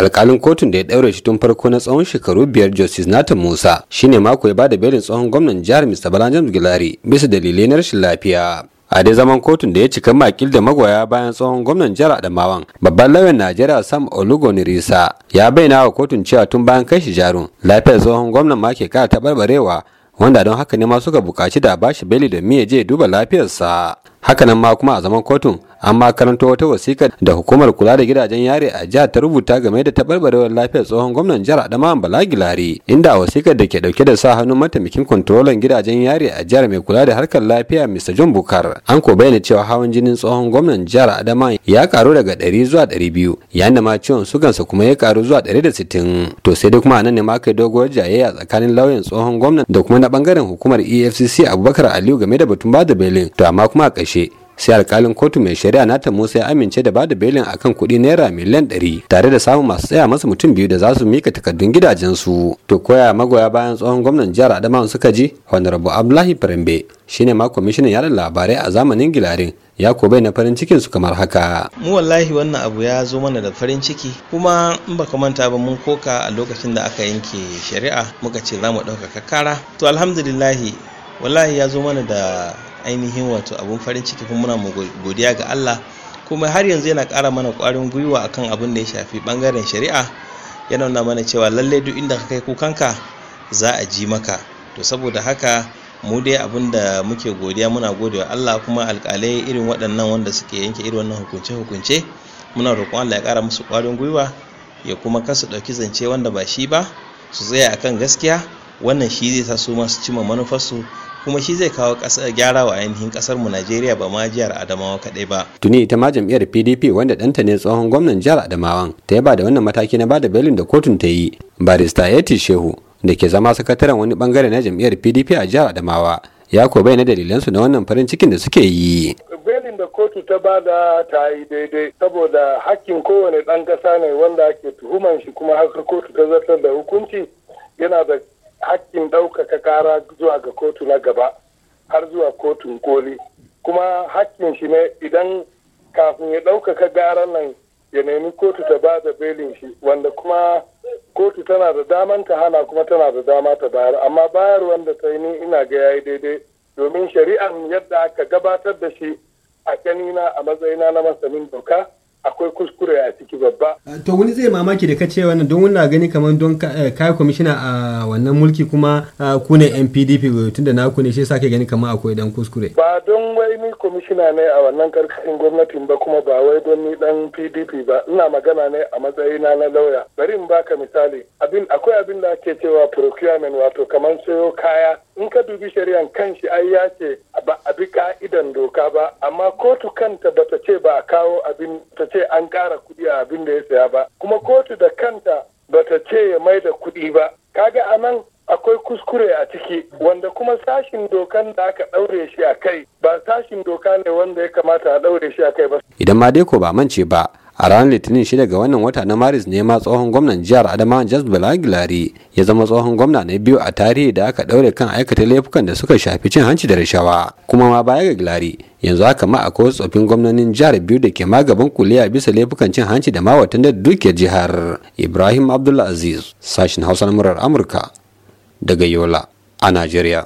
alkalin kotun da ya ɗaure shi tun farko na tsawon shekaru biyar justice nathan musa shine mako ya bada belin tsohon gwamnan jihar mr James gilari bisa dalilai na rashin lafiya a dai zaman kotun da ya cika makil da magoya bayan tsohon gwamnan jihar adamawan babban lauyan najeriya sam risa ya bayyana wa kotun cewa tun bayan kai shi jarun lafiyar tsohon gwamnan ma ke kara barbarewa wanda don haka ne ma suka buƙaci da bashi beli da ya je duba lafiyarsa hakanan ma kuma a zaman kotun an ma karanto wata wasiƙa da hukumar kula da gidajen yare a jihar ta rubuta game da tabarbarewar lafiyar tsohon gwamnan jihar adama bala gilari inda wasikar da ke dauke da sa hannun mataimakin kontrolan gidajen yare a jihar mai kula da harkar lafiya mr john bukar an ko bayyana cewa hawan jinin tsohon gwamnan jihar adama ya karu daga 100 zuwa 200 yayin da ma ciwon sugansa kuma ya karu zuwa 160 to sai dai kuma nan ne ma kai doguwar jayayya tsakanin lauyan tsohon gwamnan da kuma na bangaren hukumar efcc abubakar aliyu game da batun bada belin to amma kuma a ƙarshe sai alkalin kotu mai shari'a nata musa ya amince da bada belin akan kuɗi naira miliyan ɗari tare da samun masu tsaya masa mutum biyu da za su mika takardun su. to koya magoya bayan tsohon gwamnan jihar Adama suka ji honorable abdullahi farambe shine ma kwamishinan yaran labarai a zamanin gilarin ya ko bai na farin cikin su kamar haka mu wallahi wannan abu ya zo mana da farin ciki kuma in baka manta ba mun koka a lokacin da aka yanke shari'a muka ce za mu ɗaukaka kara to alhamdulillahi wallahi ya zo mana da ainihin wato abun farin ciki kuma muna godiya ga Allah kuma har yanzu yana ƙara mana ƙwarin gwiwa akan abun da ya shafi ɓangaren shari'a yana nuna mana cewa lalle duk inda ka kai kukanka za a ji maka to saboda haka mu dai abun da muke godiya muna godewa Allah kuma alƙalai irin waɗannan wanda suke yanke irin wannan hukunce-hukunce muna roƙon Allah ya ƙara musu ƙwarin gwiwa ya kuma kasu ɗauki zance wanda ba shi ba su tsaya akan gaskiya wannan shi zai sa su masu cimma manufarsu kuma shi zai kawo gyara wa ainihin kasar mu Najeriya ba ma jihar Adamawa kaɗai ba. Tuni ita ma jam'iyyar PDP wanda ɗanta ne tsohon gwamnan jihar Adamawa. ta yaba da wannan mataki na bada belin da kotun ta yi. Barista Yeti Shehu da ke zama sakataren wani bangare na jam'iyyar PDP a jihar Adamawa ya ko bayyana dalilansu na wannan farin cikin da suke yi. belin da kotu ta bada ta yi daidai saboda hakkin kowane ɗan ƙasa ne wanda ake tuhuman shi kuma har kotu ta zartar da hukunci yana da hakkin ɗaukaka ƙara zuwa ga kotu na gaba har zuwa kotun koli kuma hakkin shi ne idan kafin ya ɗaukaka gara nan ya nemi kotu ta ba da belin shi wanda kuma kotu tana da daman ta hana kuma tana da dama ta bayar amma bayar wanda ta ni ina ga yayi daidai domin shari'an yadda aka gabatar da shi a kanina a matsayina na masanin doka akwai kuskure a ciki babba. Eh, to wani zai mamaki da ka ce wannan don na gani kamar don kai eh, kwamishina a wannan mulki kuma ku ne NPDP tun da naku ne shi sa gani kamar akwai dan kuskure. Ba don wai ni kwamishina ne a wannan karkashin gwamnatin ba kuma ba wai don ni dan PDP ba ina magana ne a matsayina na lauya. Bari in baka misali abin akwai abin da ake cewa procurement wato kamar sayo kaya in ka dubi shari'an kanshi ai ya ce ba a bi ka'idan doka ba amma kotu kanta bata ce ba a kawo abin ta ce an kara kuɗi a abin da ya saya ba kuma kotu da kanta bata ce ya mai da kuɗi ba kaga anan akwai kuskure a ciki wanda kuma sashin dokan da aka ɗaure shi a kai ba sashin doka ne wanda ya kamata a ɗaure shi a kai ba. Idan ma dai ko ba mance ba a ranar litinin shida ga wannan wata na maris ne ma tsohon gwamnan jihar adama jas balagilari ya zama tsohon gwamna na biyu a tarihi da aka daure kan aikata laifukan da suka shafi cin hanci da rashawa kuma ma baya ga gilari yanzu haka ma akwai tsofin gwamnonin jihar biyu da ke magaban kuliya bisa laifukan cin hanci da mawatan da dukiyar jihar ibrahim abdullah aziz sashin hausa na murar amurka daga yola a najeriya